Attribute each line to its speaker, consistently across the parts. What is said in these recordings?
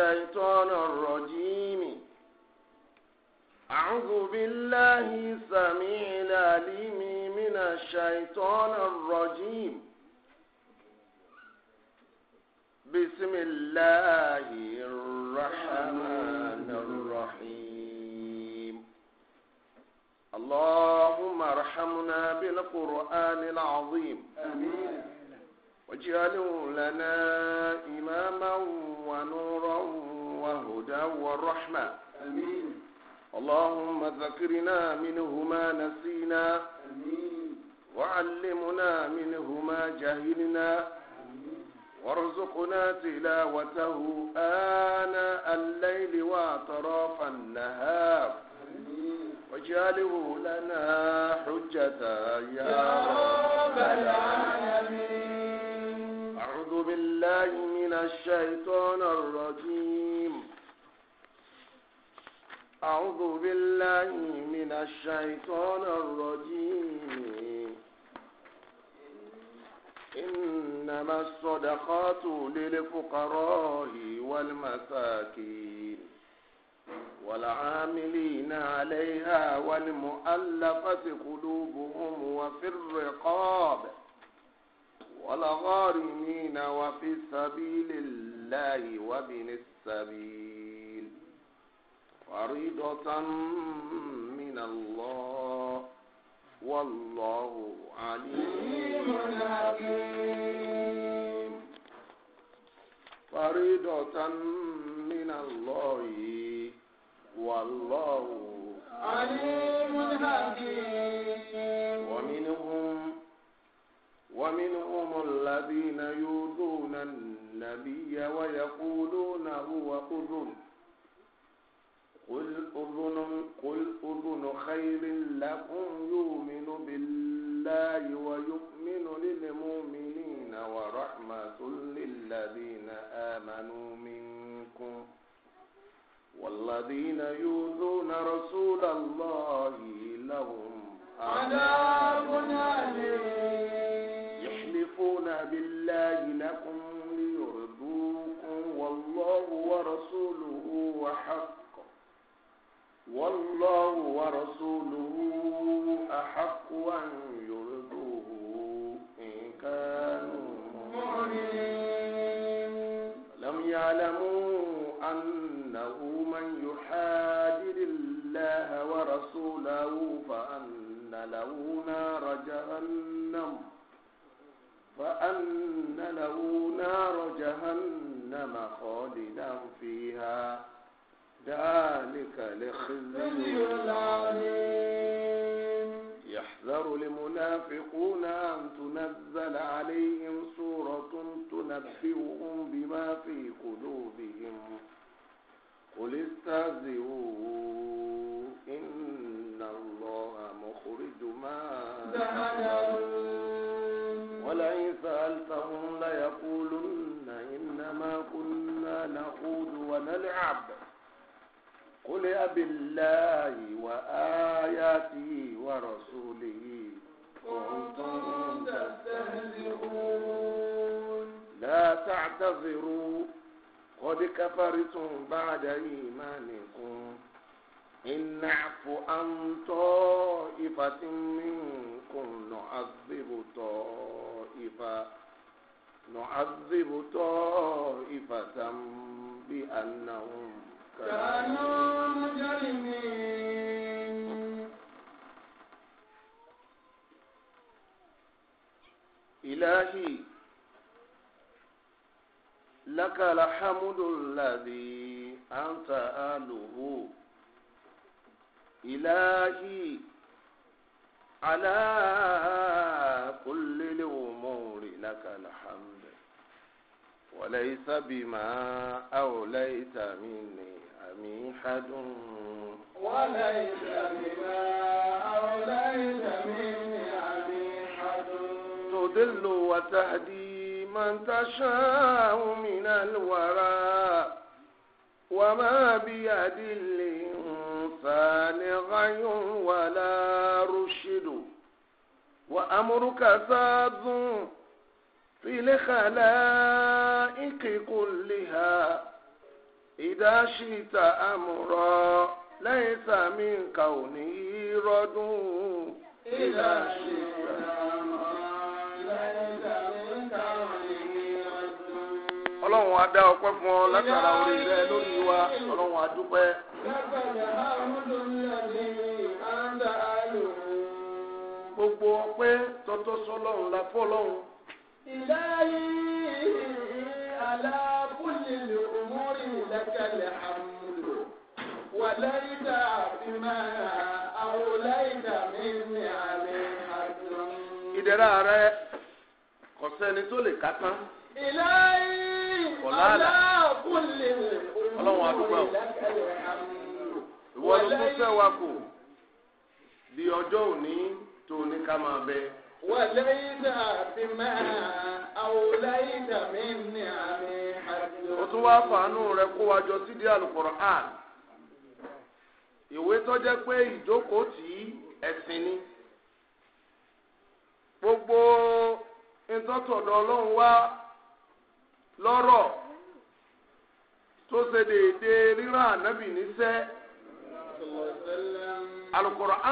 Speaker 1: الشيطان الرجيم أعوذ بالله السميع العليم من الشيطان الرجيم والرحمة أمين اللهم ذكرنا منه ما نسينا أمين وعلمنا منه ما جهلنا وارزقنا تلاوته آناء الليل وأطراف النهار واجعله لنا حجة يا رب العالمين أعوذ بالله من الشيطان الرجيم أعوذ بالله من الشيطان الرجيم إنما الصدقات للفقراء والمساكين والعاملين عليها والمؤلفة قلوبهم وفي الرقاب والغارمين وفي سبيل الله وابن السبيل فريضة من الله والله عليم حكيم فريضة من الله والله عليم حكيم ومنهم ومنهم الذين يؤذون النبي ويقولون هو أذن خير لكم يؤمن بالله ويؤمن للمؤمنين ورحمة للذين آمنوا منكم والذين يؤذون رسول الله لهم عذاب أليم يحلفون بالله لكم ليرضوكم والله ورسوله وحق
Speaker 2: والله
Speaker 1: ورسوله أحق أن يرضوه إن كانوا مؤمنين لم يعلموا أنه من يحادر الله ورسوله فأن له نار جهنم فأن له نار جهنم خالدا فيها ذلك لخزي العليم يحذر المنافقون أن تنزل عليهم سورة تنبئهم بما في قلوبهم قل استهزئوا إن الله مخرج ما ولئن سألتهم ليقولن إنما كنا نخوض ونلعب قل أبالله وآياته ورسوله كنتم تستهزئون لا تعتذروا قد كفرتم بعد إيمانكم إن نعف عن طائفة منكم نعذب طائفة نعذب طائفة بأنهم كانوا مجرمين إلهي لك الحمد الذي أنت أهله إلهي على كل الأمور لك الحمد وليس بما أوليت مني أميحد وليس بما أوليت مني أميحد تضل وتهدي من تشاء من الورى وما بيد الإنسان غي ولا رشد وأمرك ساذ في الخلائق كلها إذا شئت أمرا ليس من كونه رد إذا شئت ọlọ́run á dá ọpẹ́ fún ọ látara orí rẹ lórí wa ọlọ́run á dúpẹ́. gbogbo ọpẹ́ tọ́tọ́ la fọ́ ọlọ́run. إلهي على كل الأمور لك الحمد وليت بما أوليت مني عليه حد ìdẹ̀ra rẹ kò sẹ́ni tó lè ká tán. ìlàyé aláàbùlé ọlọ́run àdúgbò ìwọ ló tún fẹ́ wa kù di ọjọ́ òní tó ní ká máa bẹ. وليت بما أوليت من نعمي حفظ وتوا فانو ركوا جوسيدي القرآن ìwé tó jẹ́ pé ìjókòó tí ẹ̀sìn ni gbogbo ìtọ́tọ̀dọ̀ ọlọ́run wá lọ́rọ̀ tó ṣe déédéé níṣẹ́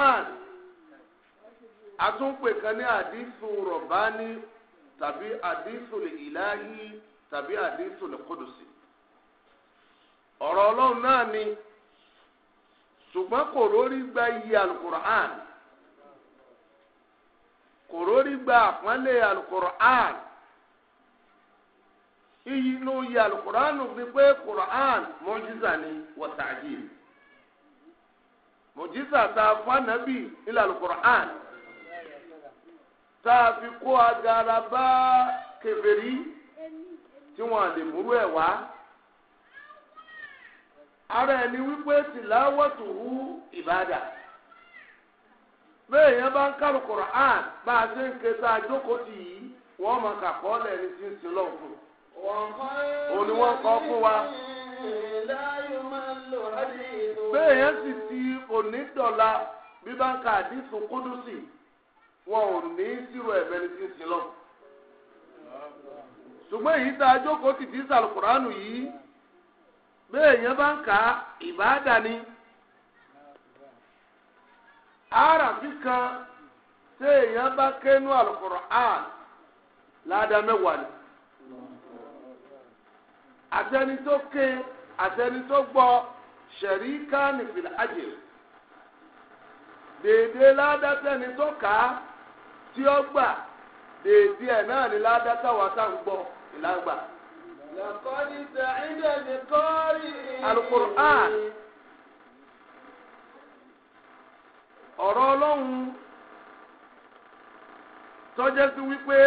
Speaker 1: Ann. atúnpè kan ní àdísù rọ̀bání tàbí àdísù ìláhí tàbí àdísù lẹ́kọ̀dùsì. ọ̀rọ̀ ọlọ́run náà ni ṣùgbọ́n kò rórí gba iye alukur'an kò rórí gba àpọ́nlé alukur'an iyì inú iye alukur'an ni pé kur'an mọ́jísà ni wọ́tàjì mọ́jísà tá a fọ́ ànábì nílẹ̀ alukur'an tá a fi kó agara bá kèfèrí tí wọ́n lè múrú ẹ̀ wá. ara ẹni wípé tìláwọ́tò hu ìbàdà bẹ́ẹ̀ yẹn bá ń kárò Kùránì bá a ṣe ń ké tá a jókòó tì í wọ́n mọ̀ kàkọ́ lẹ́ni tí ń sin lọ́wọ́ fún un òní wọ́n kọ fún wa. bẹ́ẹ̀ yẹn sì ti onídọ̀la bí bá ń ka àdìsùn kúdùsì wọn ní sírò ẹ̀bẹ̀rẹ̀ tí ń sin lọ. ṣùgbọ́n èyí tá a jókòó ti di sàlùkùránù yìí bẹ́ẹ̀ èèyàn bá ń kà á ìbáàdà ni. àràfin kan tí èèyàn bá kẹ́nu àlùkùránù ládàá mẹ́wàá ni. àtẹni tó ké àtẹni tó gbọ́ ṣẹ̀rí ká nìfìlà ládàá tí ó gbà dèédé ẹ̀ náà ni ládàtà wà tá à ń gbọ́ ìlàgbà. làkọ́ni sàìdẹ̀ ní kọ́rì. Al-Qur'an ọ̀rọ̀ ọlọ́run tọ́jẹ́ sí wípé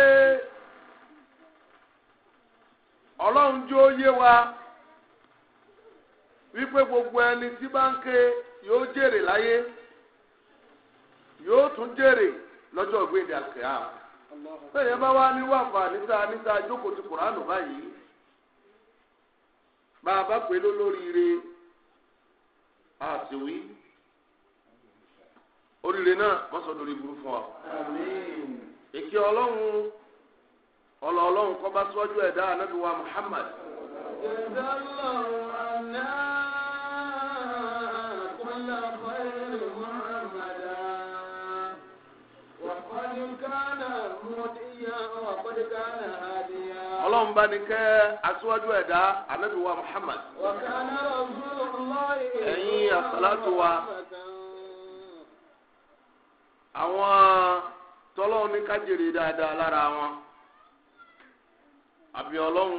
Speaker 1: ọlọ́run jó yé wa wípé gbogbo ẹni tí bá ń ké yóò jèrè láyé yóò tún jèrè. lọ́jọ́ ògbéde àkèyà bẹ́ẹ̀ bá wá ní wàfà níta níta jókòó ti kùránù báyìí bá ma bá pè é lólóríire àtiwí oríire náà mọ́sán lórí burú fún wa. èké ọlọ́run ọlọ́ ọlọ́run bá sọ́jú Muhammad. ọlọ́run bá ní kẹ́ aṣíwájú ẹ̀dá ànábì wa Muhammad. ẹ̀yin àsálàtù wa àwọn tọ́lọ́run ní kájèrè dáadáa lára wọn àbí ọlọ́run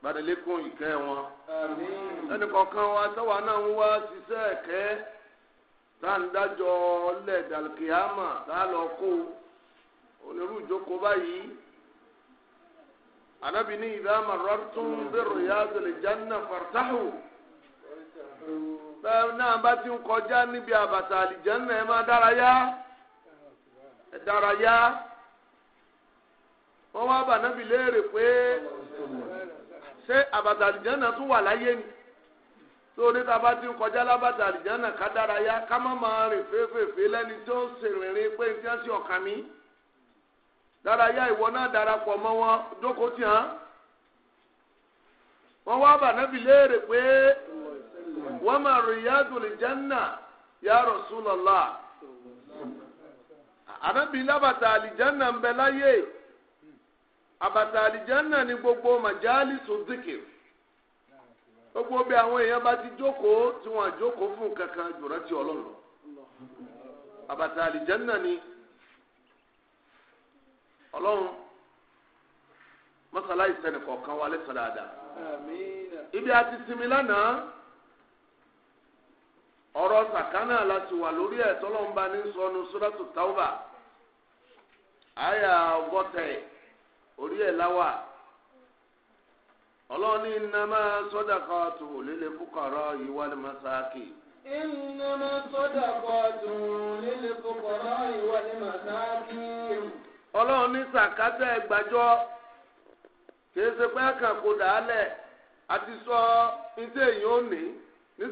Speaker 1: gbadalekun ìkẹ́ wọn. ẹnì kọ̀ọ̀kan wa táwa náà ń wá ṣiṣẹ́ ẹ̀kẹ́ tá à ń dájọ́ anabi ní idha marartum bi riyadil janna fartahu bẹ́ẹ̀ náà bá ti ń kọjá níbi àbàtà àlìjánná ẹ máa dárayá ẹ dárayá wọ́n wá bà nábì léèrè pé ṣé àbàtà àlìjánná tún wà láyé ni torí tá a bá ti ń kọjá lábàtà àlìjánná ká dárayá ká má máa rìn fèéfèèfé lẹ́ni tó ń sèrìnrìn pé ní tí wọ́n sì ọ̀kan mi. dárayá ìwọ náà darapọ̀ mọ́ wọn jókòó tì hàn wọ́n wá bànábì léèrè pé wọ́n máa riyadul janna ya Rasulullah ànábì lábàtà àlìjánà ń bẹ láyé àbàtà àlìjánà ni gbogbo màjálìsù zikir gbogbo bí àwọn èèyàn bá ti jókòó tí wọn àjókòó fún kankan jùlọ ti Ọlọ́run àbàtà ni. ọlọ́run mọ́sálá ìsẹ́nì kọ̀ọ̀kan ibi àti sinmi lánàá ọ̀rọ̀ sàkánà láti wà lórí ẹ̀ tọ́lọ́mba ní sọnù sóràtù táwùbà àyà ọgọ́tẹ̀ orí ẹ̀ láwà ọlọ́run ní innama sadaqatu masaki. ọlọ́run ní sàkátà ẹgbàjọ́ kìí ṣe pé àkàkò dàálẹ̀ àti sọ iṣẹ́ èèyàn ò ní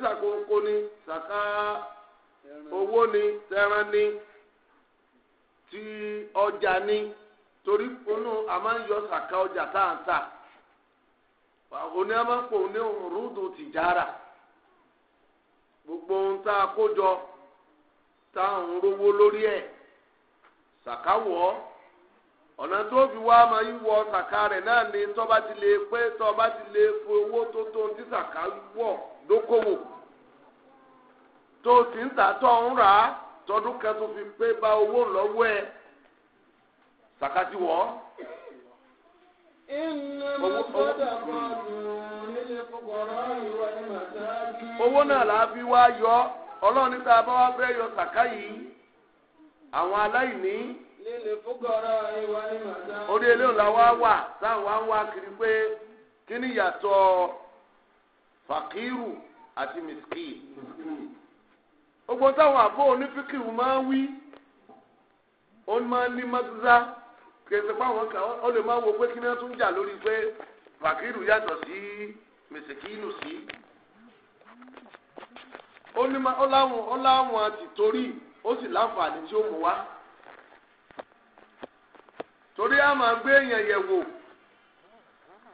Speaker 1: sàkóńkó ni sàká owó ní tẹran ti ọjà ní torí a àmọ́ ń yọ sàká ọjà tá a máa ń pò ní rúdù gbogbo ohun tá a kó jọ tá ọ̀nà tó fi wá máa ń wọ sàkà rẹ̀ náà ni tọ́ba ti lè pé tọ́ba ti lè fi owó tó tó ń tí sàkà wọ̀ ti ń tàtọ̀ ń rà á tọdún kan tó fi pé bá owó lọ́wọ́ ẹ̀ sàkà ti wọ̀ ọ́. owó yọ ọlọ́run níta bá wá fẹ́ orí eléyìí la wá wà táwọn wá ń wá kiri pé kí ni yàtọ̀ fàkírù àti miskin gbogbo táwọn àbó onífíkìrù máa ń wí ó máa ń ní mọ́tíza kèsì fáwọn kan ó lè máa wo pé kí ni wọ́n tún jà lórí pé fàkírù yàtọ̀ sí mẹ̀sìkínù sí ó láwọn ti torí ó sì láǹfààní tí ó mú wá. torí a máa gbé èèyàn yẹ̀ wò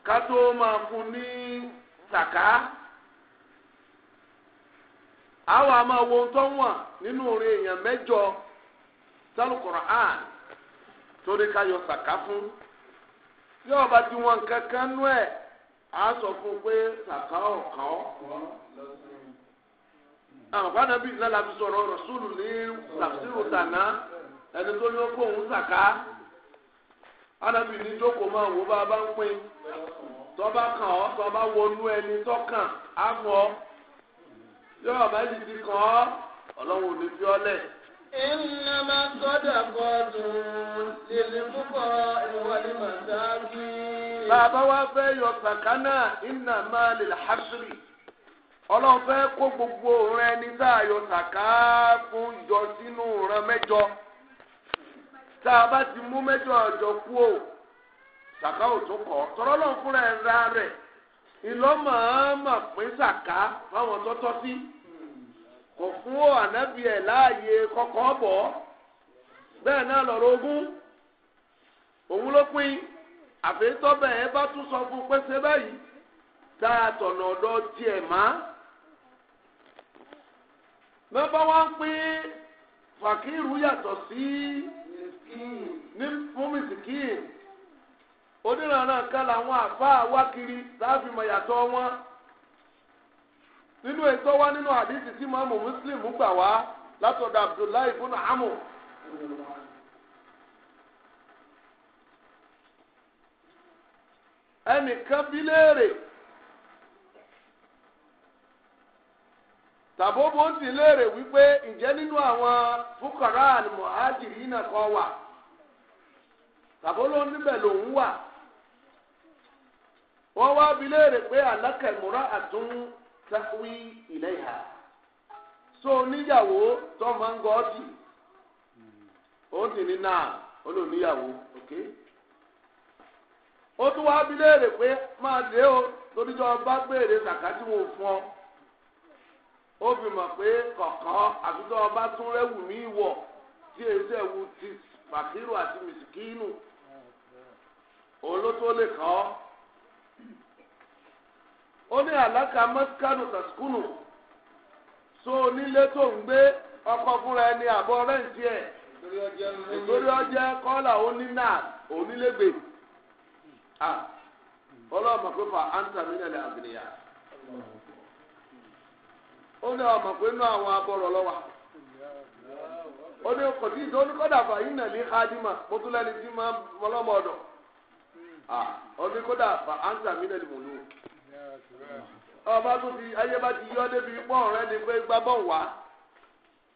Speaker 1: ká tó máa fún ní sàká wo tó wọ̀n nínú orin èèyàn mẹ́jọ sálùkùrọ̀ àn torí ká yọ sàká fún yóò bá ti wọn kankan nú ẹ̀ á sọ fún pé sàká ọ̀kan ọ̀ àwọn àgbàdo bíi ìlànà àbísọ̀rọ̀ rọ̀ sùlù ní tàbísírù tàná ẹni tó ní kó òun sàká. anabi ní jókòó máa wò bá a bá ń pín tọ́ba kàn ọ́ tọ́ba wọnú ẹni tọ́kàn á yóò ọ̀bá yìí ti kàn ọ́ ọlọ́run ò ní fi ọ́ lẹ̀. إنما الصدقات للفقراء والمساكين. bàbá wa fẹ́ yọ sàkánà إنما للحصر ọlọ́run fẹ́ kó gbogbo rẹ̀ ní sáà yọ sàká fún ìjọ sínú rẹ̀ mẹ́jọ tá a bá ti mú mẹ́jọ ọjọ́ kú o sàká ò tó kọ́ tọ́rọ́ lọ́n fúnra ẹ̀ ra rẹ̀ ìlọ́mọ̀ọ́mọ̀ pín sàká fáwọn tọ́tọ́ sí kò fún ànábì ẹ̀ láàyè kọ́kọ́ bọ̀ bẹ́ẹ̀ náà lọ́rọ̀ ogún òun ló pín àfẹ́tọ́ bẹ́ẹ̀ bá tún sọ fún pẹ́sẹ́ báyìí tá a tọ̀nà ọ̀dọ̀ tiẹ̀ má. mẹ́fà wá ń pín fàkírù yàtọ̀ sí. Si, fún mìsìkì onírànà kan làwọn àfáà wá kiri mọ̀yàtọ̀ wọn nínú ètò wa nínú àdìsí tí mọ́mù Muslim gbà wá látọ̀dọ̀ Abdullahi ibùnà amù. ẹnìkan bí léèrè tàbó bó ń ti léèrè wípé ǹjẹ́ nínú àwọn fúkàrà àlùmọ́ àjìrì kọ́ wà. bàbá olóhùn níbẹ̀ lòún wà wọ́n wá bi pé àlákẹ́ múra àtún ilẹ̀ ìhà so níyàwó tó máa ń gọ́ ọ́tì ó sì ní náà olóníyàwó ok tún wá pé máa dé o lóríjọ bá béèrè sàkáàtì wọn fún ọ ó fi mọ̀ pé kọ̀ọ̀kan àtúntò ọba tún rẹ́wù mí wọ̀ tí èyí tẹ̀ wù ti fàkírù àti olótó lè kàn ọ́ ó ní àlàkà mọ́síkánù tàṣkúnù so onílé tó ń gbé ọkọ̀ fúnra ẹni àbọ̀ rẹ́ǹtì ẹ̀ nítorí ọjẹ́ kọ́là oníná onílégbè ọlọ́mọ pé fà áńtà àgbìnìyà ó ní ọmọ pé inú àwọn abọ́rọ̀ lọ́wọ́ ó ní kò tí ì ọdún ah, kódà bá ansa mílẹ̀ mọ̀lú. ọba tó ti ayé bá ti yọ débi pọ́ ni pé wá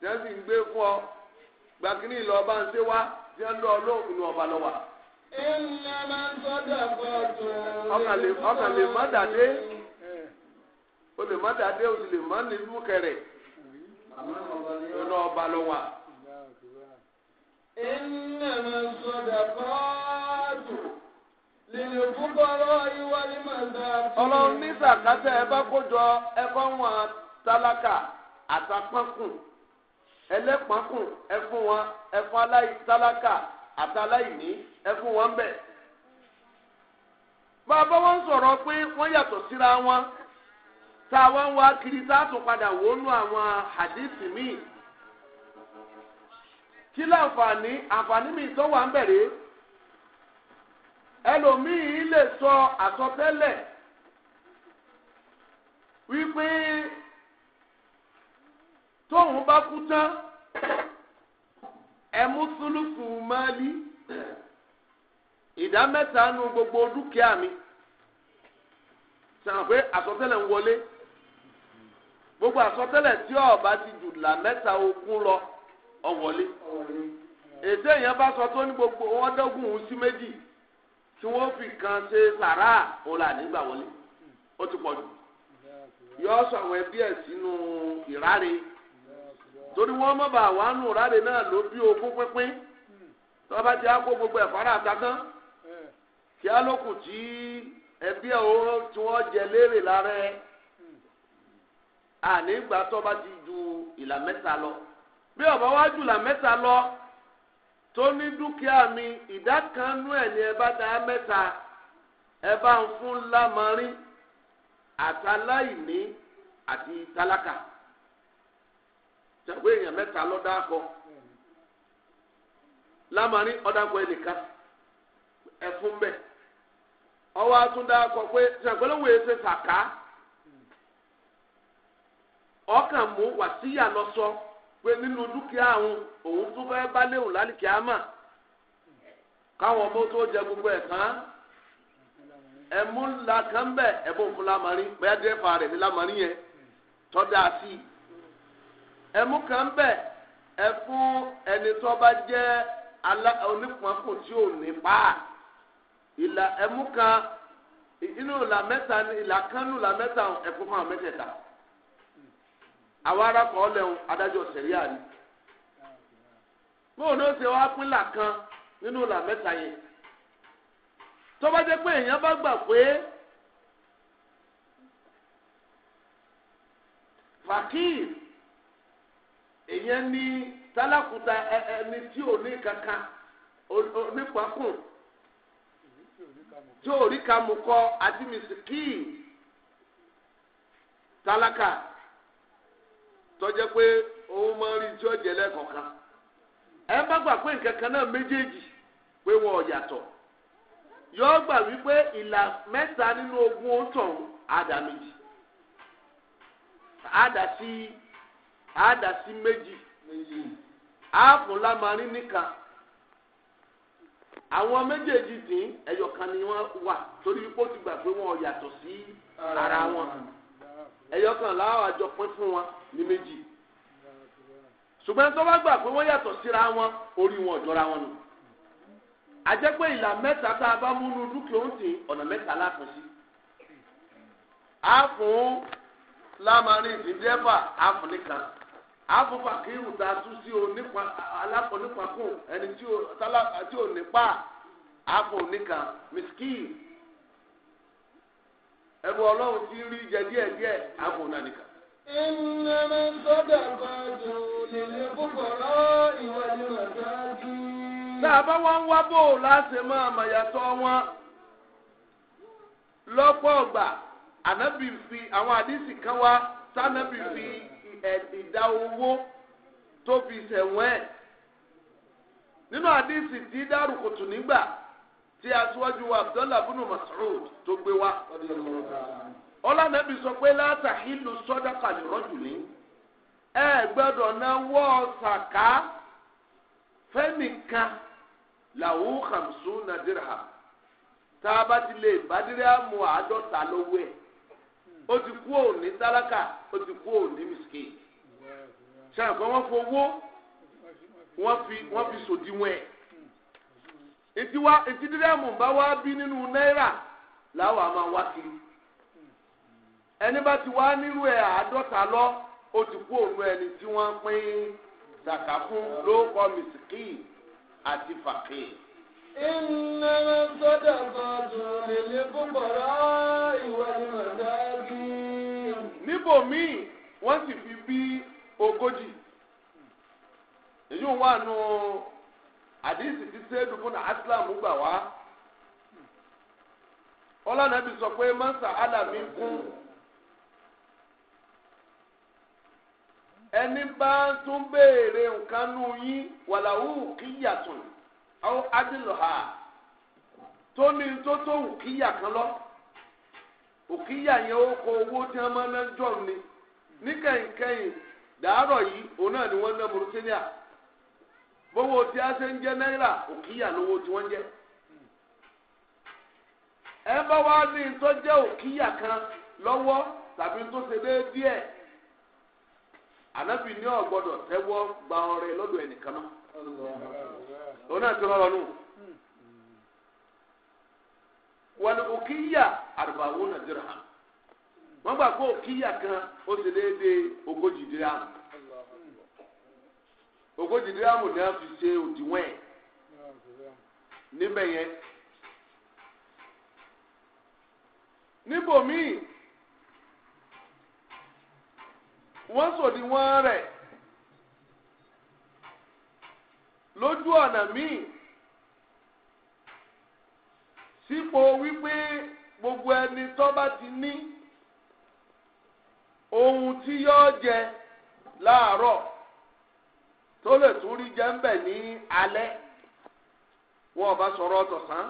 Speaker 1: tí sì ń gbé fún ọ ọba ń ṣe wá lọ ọba lọ ọkàn lè má dàdé o lè má dàdé o lè má nílùú kẹrẹ ọba lọ ọlọ́run ní sàkátà ẹ bá kójọ ẹkọ́ wọn tálákà àtàpọ́nkùn ẹlẹ́pọ̀nkùn ẹfún wọn ẹfún aláì tálákà àtàláìní ẹfún wọn bẹ̀. bàbá wọn sọ̀rọ̀ pé wọ́n yàtọ̀ síra wọn tá a wá ń wá kiri tá a tún padà wọnú àwọn hadith míì kí láǹfààní àǹfààní mi tó wà ń bẹ̀rẹ̀ ẹlòmíì lè sọ àsọtẹ́lẹ̀ wípé tóun bá kú tán ẹmú sùlùkù máa lí ìdá mẹ́ta nu gbogbo dúkìá mi sàn pé àsọtẹ́lẹ̀ ń wọlé gbogbo àsọtẹ́lẹ̀ tí ọba ti jù là mẹ́ta ogún lọ ọwọlé ètò èèyàn bá sọ tó ní gbogbo wọn sí méjì tí wọ́n fi kan ṣe sàrà òun là nígbà wọlé ó ti pọ̀ jù yọ sọ àwọn ẹbí ẹ̀ sínú ìráre torí wọ́n mọ̀ bá wà nù ìráre náà ló bí ogún pínpín tí wọ́n bá ti á kó gbogbo ẹ̀fọ́rà àtàkán kí á lókùn tí ẹbí ẹ̀ tí wọ́n jẹ léèrè lára ẹ̀ ànígbà tó bá ti ju ìlà mẹ́ta lọ bí ọ̀bá wá ju ìlà mẹ́ta lọ. tó ní dúkìá mi ìdá kan nú ní ẹ bá dá mẹ́ta ẹ bá ń fún lámọrin àtàláìní àti tálákà ṣàgbé èèyàn mẹ́ta lọ́dá kọ lámọrin ọ̀dàgbọ́ ẹnìkan ẹ̀fún ọwọ́ atúndà kọ pé ṣàgbélówó sàká ọkàn mú wàsíyà lọ sọ. So pé nínú dúkìá àwọn òun tún fẹ́ bá léwu lálìkí àmà káwọn ọmọ tó jẹ gbogbo ẹ̀ kán ẹ̀mú ńlá kan bẹ̀ ẹ̀bùn fún lamari bẹ́ẹ̀ dẹ́fà rẹ̀ ní lamari yẹn tọ́da sí i ẹ̀mú kan bẹ̀ ẹ̀ fún ẹni tó bá jẹ́ onípọ̀nkù tí ò ní pa á ìlà ẹ̀mú kan inú ìlà mẹ́ta ìlà kanú ìlà mẹ́ta ẹ̀fún fún àwọn mẹ́tẹ̀ẹ̀ta. àwọn arákọ̀ ọlẹ́hun adájọ́ sẹ̀ríà ni. bóun ló ṣe wá pínlà kan nínú ìlà mẹ́ta yẹn. tó bá jẹ́ pé èèyàn bá gbà pé fakir èèyàn ní tálákùtà ẹni tí ò ní kankan onípàkùn tí ò rí kamukọ àti tọ́jẹ́ pé òun máa ń rí tí ó jẹ lẹ́kọ̀ọ̀kan ẹ bá gbà pé nǹkan kan náà méjèèjì pé wọn ò yàtọ̀ yọ gbà wípé ìlà mẹ́ta nínú ogún òótàn àdá méjì àdá sí àdá sí méjì àfúnlá máa rí nìkan àwọn méjèèjì dín ẹyọkan ni wọn wà torí wípé ó ti gbà pé wọn ò yàtọ̀ sí ara wọn ẹyọkan làwọn àjọ pín fún wọn ní méjì ṣùgbọ́n tó bá gbà pé wọ́n yàtọ̀ síra wọn orí wọn ò jọra wọn nù àjẹ́ pé ìlà mẹ́ta tá a bá múnú dúkìá ń sìn ọ̀nà mẹ́ta lápin sí á fún lámarin ìdíndẹ́fà á fún nìkan á fún fàkírù tá a tún sí alákọ̀ọ́nípakùn ẹni tí ò nípa á fún nìkan mìsíkì ẹrù ọlọ́run ti rí jẹ díẹ̀ díẹ̀ á fún náà nìkan. إنما الصدقات للفقراء والمساكين. tá a bá wá ń wá bò láti máa mọ̀ yàtọ̀ wọn lọ́pọ̀ ọgbà ànábì fi àwọn àdìsí kan wá sánábì fi ìdá owó tó fi ṣẹ̀wọ̀n ẹ̀ nínú àdìsí tí dárúkòtù nígbà tí aṣíwájú wa Abdullahi bin Mas'ud tó gbé wá ọlànàbí sọ pé látàhílù sọdọkà lè rọjò ní ẹ gbọ́dọ̀ náwó ṣàká fẹnìkan làwọn hàmsù nàdírà tá a bá ti lè bàdíríà mu àádọ́ta lọ́wọ́ ẹ̀ ó ti kú òní tálákà ó ti kú òní mìsíkì ṣáà kan wọ́n fowó wọ́n fi wọ́n fi sòdiwọ̀n ẹ̀ ètí dídíàmù bá wá bí nínú náírà làwọn a máa wá kiri ẹni bá ti wá nírú ẹ̀ àádọ́ta lọ ó ti kú òru ẹni tí wọ́n pín zaka fún ló kọ́ mìsìkì àti fàkì. iná sọ́dà kan tún lè lè fúnpọ̀rọ̀ ìwà ìmọ̀dáàbí. níbòmíì wọ́n sì fi bí ogójì èyí ń wà nù àdìsí ti sẹ́ẹ̀dù fún àsìlámù gbà wá ọlọ́nà bí sọ pé mọ́sà álàmì kún. ẹni bá tún béèrè nǹkan nù yín wàláwù kíyàtùn àwọn adìlọ́hà tó ní tó kan lọ òkìyà yẹn ó kọ owó tí máa ń jọ ni níkẹyìnkẹyìn yìí òun ni wọn ń bówó a ṣe ń jẹ náírà òkìyà lówó tí wọ́n jẹ ẹ bá wá ní kan lọwọ tàbí tó ṣe déédéé ànábì ní ọ̀gbọ́dọ̀ tẹ́wọ́ gba ọrẹ lọ́dọ̀ ẹnìkan náà òun náà ti rọrọ nù. wọn òkìyà àrùbáwò náà dìrà hàn wọn gbà pé kan ó ti déédéé ogójì dìrámù ogójì dìrámù ni wọn fi ṣe ẹ̀ níbẹ̀ yẹn níbòmíì. wọ́n di wọn rẹ̀ lójú ọ̀nà míì sípò wípé gbogbo ẹni tó bá ti ní ohun tí yóò jẹ láàárọ̀ tó lè tún rí jẹ́ ń ní alẹ́ wọn ò bá sọ̀rọ̀ ọ̀tọ̀sán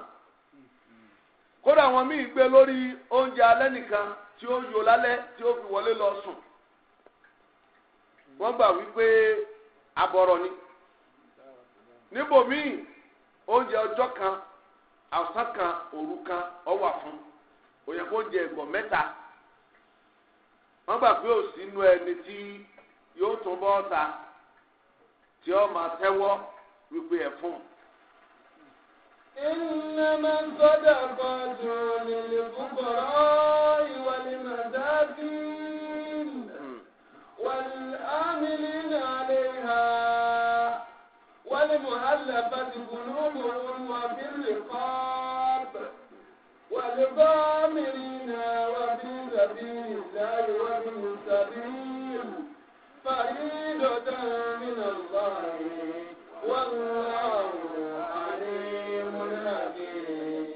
Speaker 1: kódà wọn míì gbé lórí oúnjẹ alẹ́ nìkan tí ó yọ lálẹ́ tí ó fi wọlé lọ sùn. wọ́n gbà wípé abọ̀rọ̀ ni níbòmíì oúnjẹ ọjọ́ kan àwùsàn kan òru kan ọwà fún òyìnbó oúnjẹ ẹ̀gbọ́n mẹ́ta wọ́n gbà pé òsì inú ẹni tí yóò tún bọ́ ọ̀tá tí ó máa tẹ́wọ́ wípé ẹ̀ fún إنما الصدقات للفقراء والمساكين والآملين عليها والمؤلفة قلوبهم وفي الرقاب والغامرين وفي سبيل الله وفي السبيل فريدة من الله والله عليم حكيم.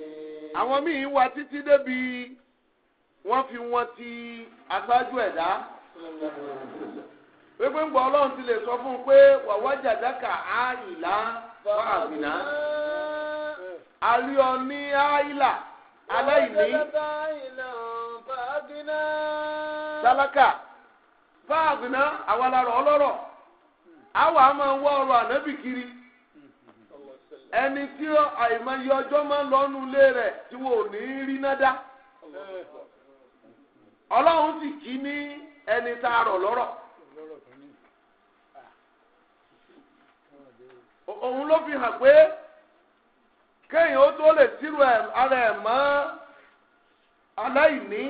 Speaker 1: àwọn míín wá títí débi wọ́n fi wọ́n ti aṣáájú ẹ̀dá. pépé ńgbà ọlọ́run ti lè sọ fún un pé wàwájà dákà áìlá fáàbìnà àrí ní áìlà aláìní sálákà fáàbìnà àwọn awalarọ ọlọ́rọ̀ awa àmọ́ ń wá ọrọ̀ ànábì kiri ẹni tí àìmọye ọjọ́ máa ń lọ́nu ilé rẹ̀ tí wọn ò ní rí náà ẹni tá a rọ̀ lọ́rọ̀. òun ló fi hàn pé kéèyàn ó tó lè tírú ara ẹ̀ mọ́ aláìní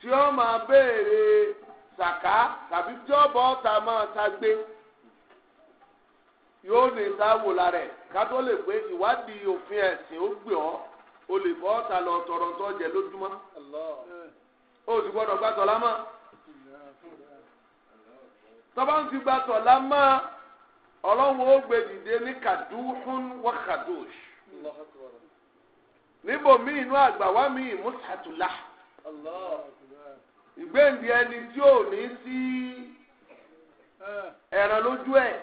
Speaker 1: tí ó máa béèrè sàká tàbí tí ó bọ́ ta máa ta gbé yóò ní ìdáwò lára ẹ̀ ká tó lè pé ìwádìí òfin ẹ̀sìn ó gbé o bọ́ ta lọ tọ́ba ń fi gba tọ̀lá mọ́ ọlọ́run ó gbé ní kàdúhún wá kàdúsh
Speaker 2: níbo mi inú àgbà wá
Speaker 1: mi ìgbéǹdì ẹni tí ò ní sí lójú ẹ̀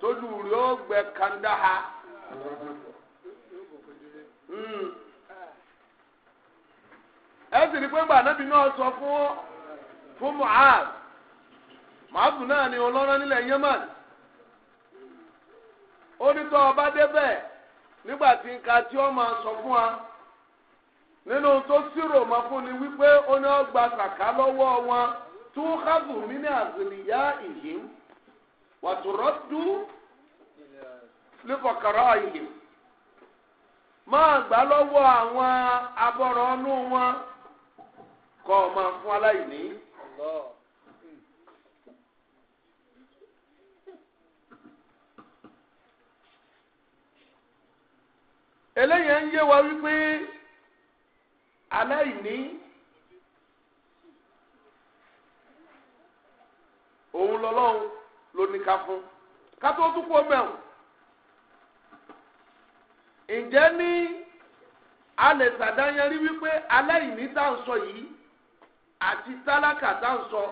Speaker 1: tójú rí gbẹ kandaha hmm. ẹ sì rí pé gbà nábì náà màábù náà ni ọlọ́rọ̀ nílẹ̀ Yemen ó ní tọ́ ọba débẹ̀ nígbà tí nǹkan tí ó máa sọ fún wa nínú tó sírò mọ́ fún ni wípé ó ní ọgbà kàkà lọ́wọ́ wọn tó hábù mí ní àzìlíyá ìyí wàtúrọ́ dú lẹ́kọ̀ọ́kọ̀rọ̀ ìyí máa gbà lọ́wọ́ àwọn abọ́rọ̀ ọnú wọn kọ́ ọ máa fún aláìní. Allah eléyìí ń yé wa wípé aláìní òun lọ́lọ́run ló ní ká fún ká tó tún kú ọmọ ẹ̀wọ̀n ǹjẹ́ ní a lè wípé aláìní tá à ń sọ yìí àti tálákà tá à ń sọ.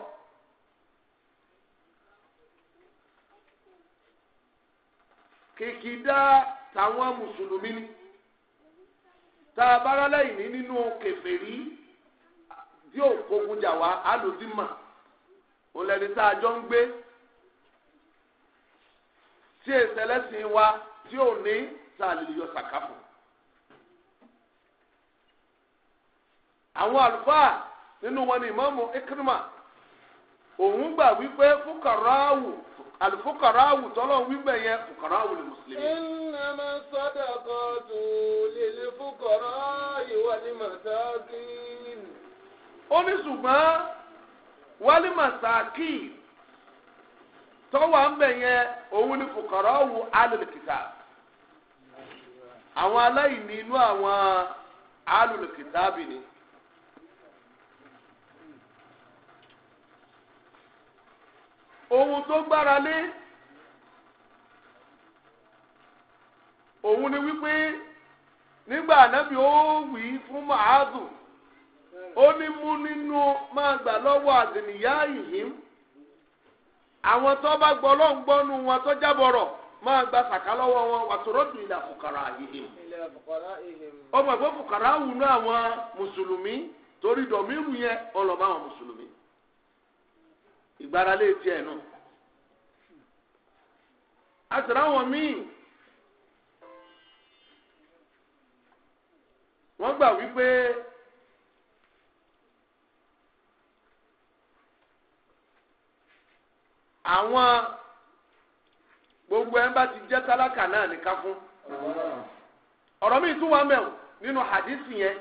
Speaker 1: kìkìdá tàwọn mùsùlùmí ni tá a bá rálẹ̀ ìní nínú kèfèrí tí ò kókun jà wá alòdìmà òlẹ́ni tá a jọ ń gbé tí èsẹ̀lẹ́sìn wa tí ò ní tá a lè yọ sàkàfù. àwọn àlùfáà nínú wọn ni ìmáàmù Ikrima òun gbà wípé fúkàrọ̀ àwù. alùfukara awùtọ́lọ̀ wíwẹ̀ yẹn fukara awù ni mùsùlùmí. ìnáma sọ́dọ̀kọ̀ tó lèlè fukara fukọrọ ni màsákìn. ó ní ṣùgbọ́n wálé màsákìn tọ́wọ́ à ń bẹ̀ yẹn òun ohun tó gbára lé òun ni wípé nígbà anabi ó wí fún màádùn ó ní mú nínú máa gbà lọ́wọ́ àdìníyá ìhín àwọn tó bá gbọ́ lọ́n gbọ́nu wọn tó jábọ̀rọ̀ máa gba sàká lọ́wọ́ wọn wàtúrọ́tù fùkàrà ọmọ fùkàrà wù mùsùlùmí torí dọ̀míìrù ìgbára lè tiẹ̀ nù. àtàrà wọn míì wọ́n gbà wípé àwọn gbogbo ẹ̀ ń bá ti jẹ́ tálákà náà nìkan fún. ọ̀rọ̀ mi tún wá mẹ́wọ̀ nínú hadisi yẹn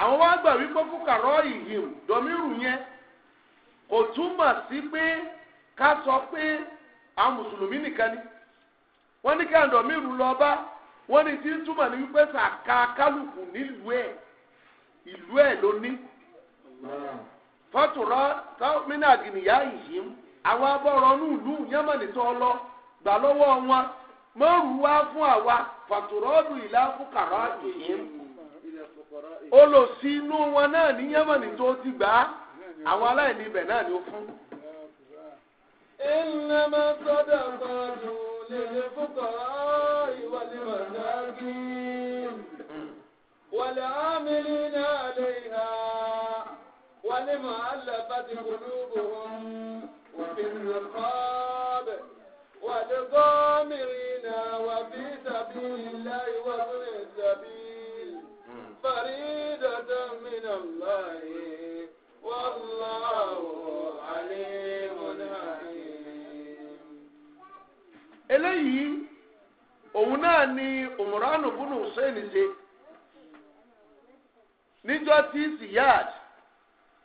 Speaker 1: àwọn wá gbà wípé kúkàrọ̀ ìhìn dọ̀míìrù yẹn. kò túmọ̀ sí pé ká sọ pé àwọn mùsùlùmí nìkan ni wọ́n ní kí àǹdọ̀ mi rù lọ bá wọ́n ní tí ń túmọ̀ ní wípé sàkà kálukú nílùú ẹ̀ ìlú ẹ̀ ló ní. fọ́tùrọ́ tọ́mínà gìnìyà yìí àwọn abọ́rọ̀ ní ìlú yẹ́mọ̀nì tó lọ gbà lọ́wọ́ wọn mọ́rù wá fún àwa fọ́tùrọ́ọ̀dù ìlà fúkàrà yìí. olùsí inú wọn náà ní yẹ́mọ̀nì tó ti gbà àwọn aláìní ibẹ̀ náà ni ó fún. ìnáma sọ́dọ̀ kọ́ọ̀dù lè lè fúkọ̀ ìwà lè wà dáàbí. wàlẹ̀ àmìlí náà lè ha wàlẹ̀ mọ̀ alábàtì kùlùbù hàn òfin rẹ̀kọ́ọ̀bẹ̀ wàlẹ̀ gọ́ọ̀mìrì náà wà bí tàbí ilá ìwà tó lè tàbí. فريدة من الله eléyìí òun náà ni umranu bunu hussein ṣe níjọ́ tí ziyad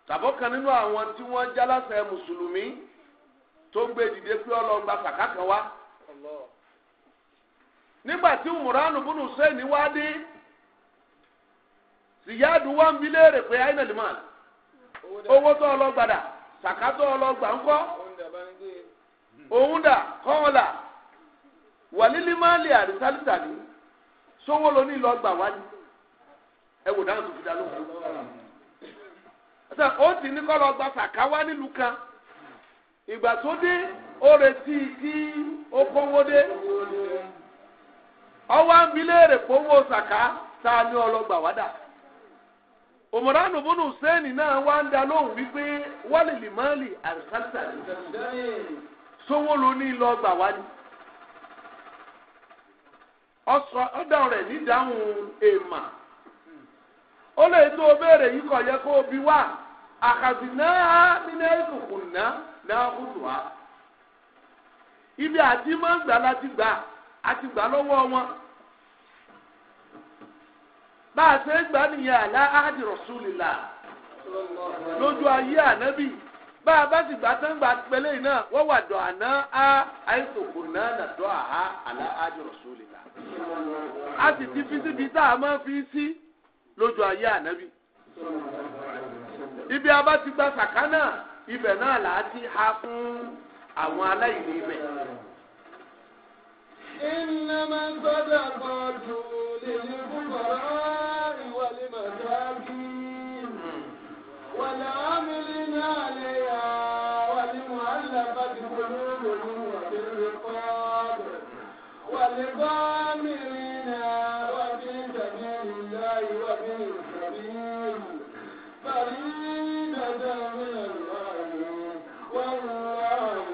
Speaker 1: tàbọ̀kan nínú àwọn tí wọ́n jálásẹ̀ mùsùlùmí tó gbé dìde pé ọlọ́gba sàkàkà wá nígbà tí umranu bunu hussein wá dé ziyad wá ń léèrè pé aina limal
Speaker 2: owó tó ọlọ́gbàdà
Speaker 1: sàkátó ọlọ́gbà ńkọ́ òun dà kọ́ọ̀là wàlílí máa lè àrísálítàlí sówó ló ní wá ní ẹ wò dáhùn tó fi dá lóhùn. ó sì ní kọ́ lọ gba sàká wá nílùú kan ìgbà tó dé ó retí kí ó dé ọwọ́ òmùránù bùnú sẹ́ẹ̀nì náà wá ń da lóhùn wípé wálé lìmọ́ọ̀lì àlùkàtà sówó ló ní lọ gbà wá ní. ọ̀dà rẹ̀ nídàáhùn èèmà ó lè tó o béèrè yìí kọ̀ yẹ kó o bí wá àkàtì náà nínú ìkùnkùn náà náà bá a ṣe gbà nìyẹn àlá áhàdì rọ̀ṣúlìlà lójú ayé ànábì bá a bá sì gbà tán gbà pẹ̀lẹ́ yìí náà wọ́n wà dọ̀ àná á àìsòkò náà nà dọ̀ àhá àlá áhàdì rọ̀ṣúlìlà. a sì ti fi síbi tá a máa fi sí lójú ayé ànábì. ibi a bá ti gba sàkánà ibẹ̀ náà là á ti há fún àwọn aláìní ibẹ̀. إنما الصدقات للفقراء المساكين والعاملين عليها والمؤلفة قلوبهم وفي الرقاب والغامرين وفي سبيل الله وفي السبيل فريدة من الله والله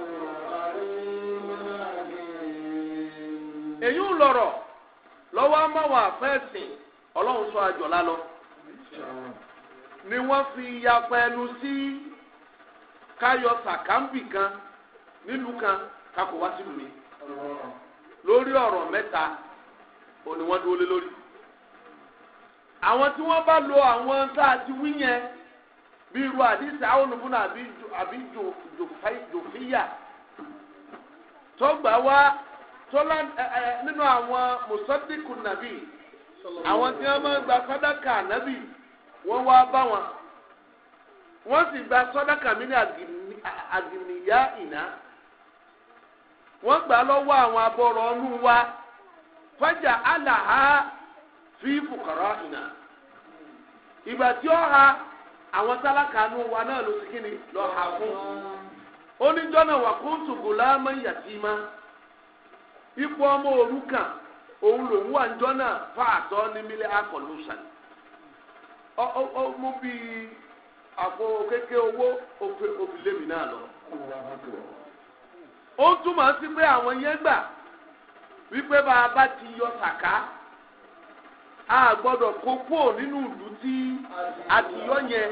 Speaker 1: عليم حكيم. èyí ń lọ̀rọ̀ lọ́wọ́ á máa wà fẹ́ẹ̀sìn ọlọ́run sọ àjọ̀lá lọ ni wọ́n fi ya pẹ̀lú sí káyọ sàkámbì kan nílùú kan kakò wá sílùú mi lórí ọ̀rọ̀ mẹ́ta òní wọ́n dúró lé lórí. àwọn tí wọ́n bá lo àwọn tá a ti wí yẹn bí irú àdìsí àwọn olùbùnà àbí jòfìyà tó gbà wá tọ́lá nínú àwọn mùsọ́díkù nàbì àwọn tí wọ́n máa ń gba sàdákà nàbì. wọ́n wá bá wọn wọ́n sì gba sọ́dáka mi ní àgìmìyá ìná wọ́n gbà lọ́wọ́ àwọn abọ́rọ̀ ọ̀nù wa fọjà aláha fi fùkọ̀rọ̀ ìná ìgbà tí ó ha àwọn tálákà nù wa náà ló ti kíni ha fún oníjọ́ náà wà kó tùkù láàmú ipò ọmọ òrukàn òun lòun wà ń jọ́ náà fáàtọ́ ní ó mú bí àpò kéke owó òbílẹ̀mì náà lọ. ó túmọ̀ sí pé àwọn yẹn gbà wípé bá a bá ti yọ sàká a gbọ́dọ̀ kó kúò nínú ìlú tí a ti yọ yẹn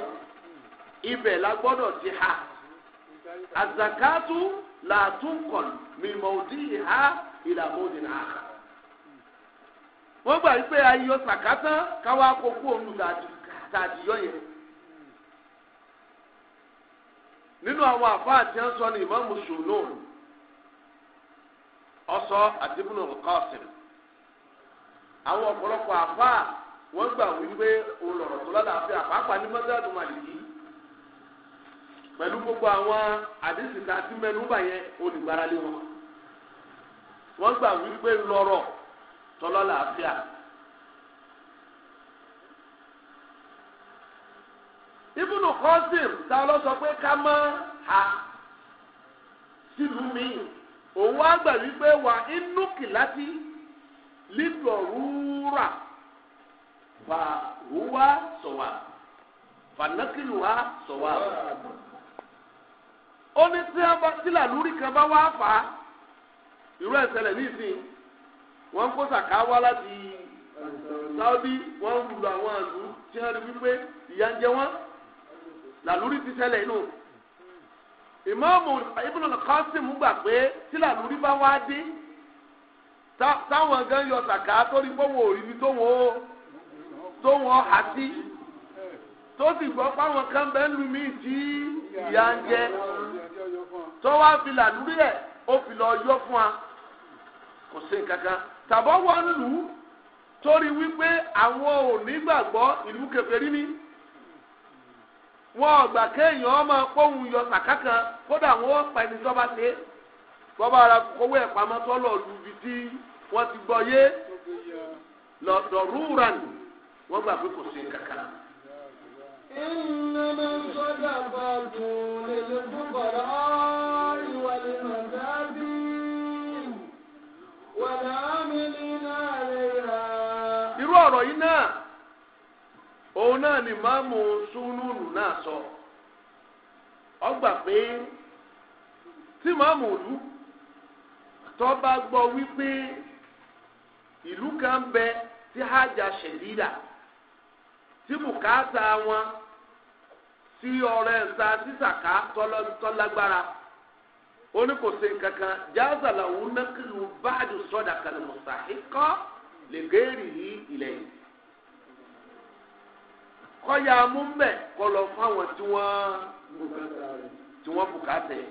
Speaker 1: ibẹ̀ la gbọ́dọ̀ ti ha azakatu la tún kàn mímọ̀ òdì ha ìlànà òdì náà. wọ́n gbà wípé a yọ sàká tán káwá kó kúò nínú ìlú àti tá a ti yọ yẹn. nínú àwọn àfáà àti ẹ̀ńsọ ni ìmáàmù sùnún ọsọ àdìbùnú kọ́ọ̀sìn àwọn ọ̀pọ̀lọpọ̀ àfáà wọ́n gbà wípé òun lọ̀rọ̀ tó lálàáfíà pàápàá ní mọ́tàdù màlìkì pẹ̀lú gbogbo wọn ibùdó kọ́sìm tá a lọ sọ pé ká mọ́ ha sílùú mi òun wá gbà wípé wà inú kìláàtì lílọ̀rúra fà rúwa sọ̀wà fànákìlùwà sọ̀wà. ó ní tílà lórí kan bá wá fà á irú ẹ̀sẹ̀lẹ̀ nísìnyí wọ́n kó sàká wá láti Saudi wọ́n ń lu àwọn àlù tí wọ́n rí wípé ìyá ń jẹ wọ́n làlúrí ti ṣẹlẹ̀ inú ìmáàmù Ibn al-Qasim gbà pé tí làlúrí bá wá dé táwọn gan yọ sàká torí gbọ́wọ́ òrìbí tó wọ́n tó wọ́n hà sí tó sì gbọ́ fáwọn kan bẹ́ẹ̀ lu mí tí ìyá ń jẹ tó wá fi làlúrí ẹ̀ ó fi lọ yọ fún wa kò sí kankan tàbọ̀ wọ́n lù ú torí wípé àwọn onígbàgbọ́ ìlú kèfèrí ni wọn ọgbà kéèyàn ọmọ kóhun yọ sàkàkà kódà wọn ọpa ẹni ṣe bọba ara kówó ẹ pamọ́ sọlọ lubi tí wọn ti gbọ́ yé lọ́dọ̀ rúran wọn gbà pé kò sí kàkà. إنما الصدقات للفقراء والمساكين والعاملين عليها. òun náà ni máàmù súnúnù náà sọ ọgbà pé tí máàmù òlú tó bá wípé ìlú kan bẹ tí hájà ṣẹ̀dídà tí bùkátà wọn sí ọrẹ nta sísàká tọ́lágbára oníkòsè kankan jáàzà làwọn nákìlú báàdù sọdà kàlùmọ̀sà ikọ́ kọ́ya múmbẹ̀ kọlọ̀ fáwọn tí wọ́n tí wọ́n bùkátà yẹ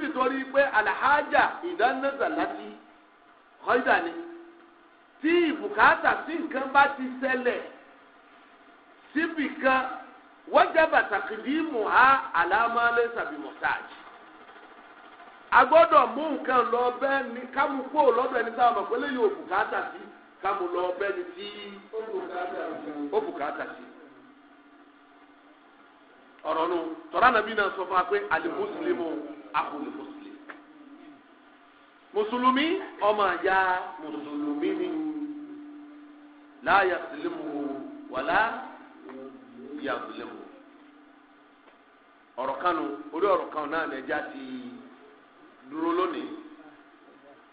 Speaker 1: nítorí pé alahajà ìdánáza láti kọ́ńdà ni tí ìbùkátà sí nǹkan bá ti ṣẹlẹ̀ síbi kan wajaba takdimu ha alama laysa bi muhtaj a gbọ́dọ̀ mú nǹkan lọ bẹ́ẹ̀ ni kámú kó lọ́dọ̀ ẹni sábà pé lè yóò bùkátà sí kámú lọ bẹ́ẹ̀ ni tí ó bùkátà sí. ọrọ nù tọrọ sọ fún wa pé alimusulimu akuli musulim mùsùlùmí ọmọ àyà mùsùlùmí ni láàyè silimu wàlá yà silimu ọ̀rọ̀ kanu orí ọ̀rọ̀ kan náà ti dúró lónìí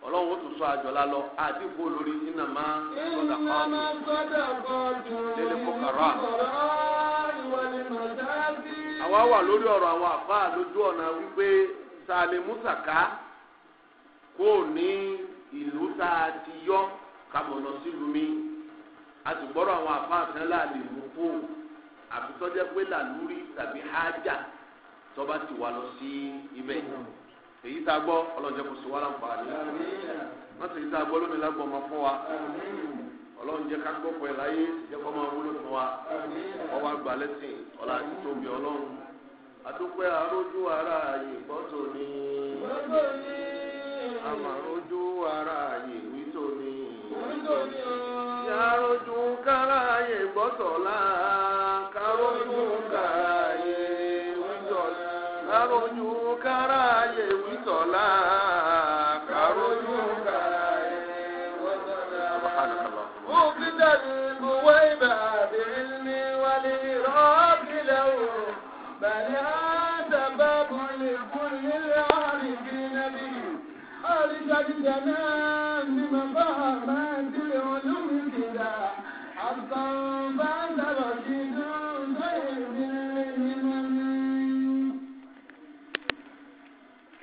Speaker 1: ọlọ́run ó sọ àjọlá lọ àdínkù lórí iná máa sọdà kan lélẹ́kọ̀ọ́ kàrọ́ àti. àwa wà lórí ọ̀rọ̀ àwọn àfa lójú ọ̀nà wípé sàlẹ̀ mùsàká kò ní ìlú tá a ti yọ kàmọ̀nà sílùú mi a sì gbọ́dọ̀ àwọn àfa kan láàlè mú kó àfi tọ́jẹ́ pé làlúrí tàbí hájà tọ́ba ti wà lọ sí ibẹ̀ èyí tá a gbọ́ ọlọ́jọ́ kò sí wa láǹfààní wọ́n sì yí tá a gbọ́ lónìí lágbọ́n ọmọ fún wa. ọlọ́run jẹ́ ká gbọ́ pẹ̀ láyé jẹ́ kó máa wúlò fún wa ọwọ́ àgbà lẹ́sìn ọ̀la tóbi ọlọ́run àdúpẹ́ arójú ara yìí bọ́tò ni àmàrójú ara yìí wítò ni yàrójú kára yìí bọ́tò la kárójú kára yìí wítò la. جمال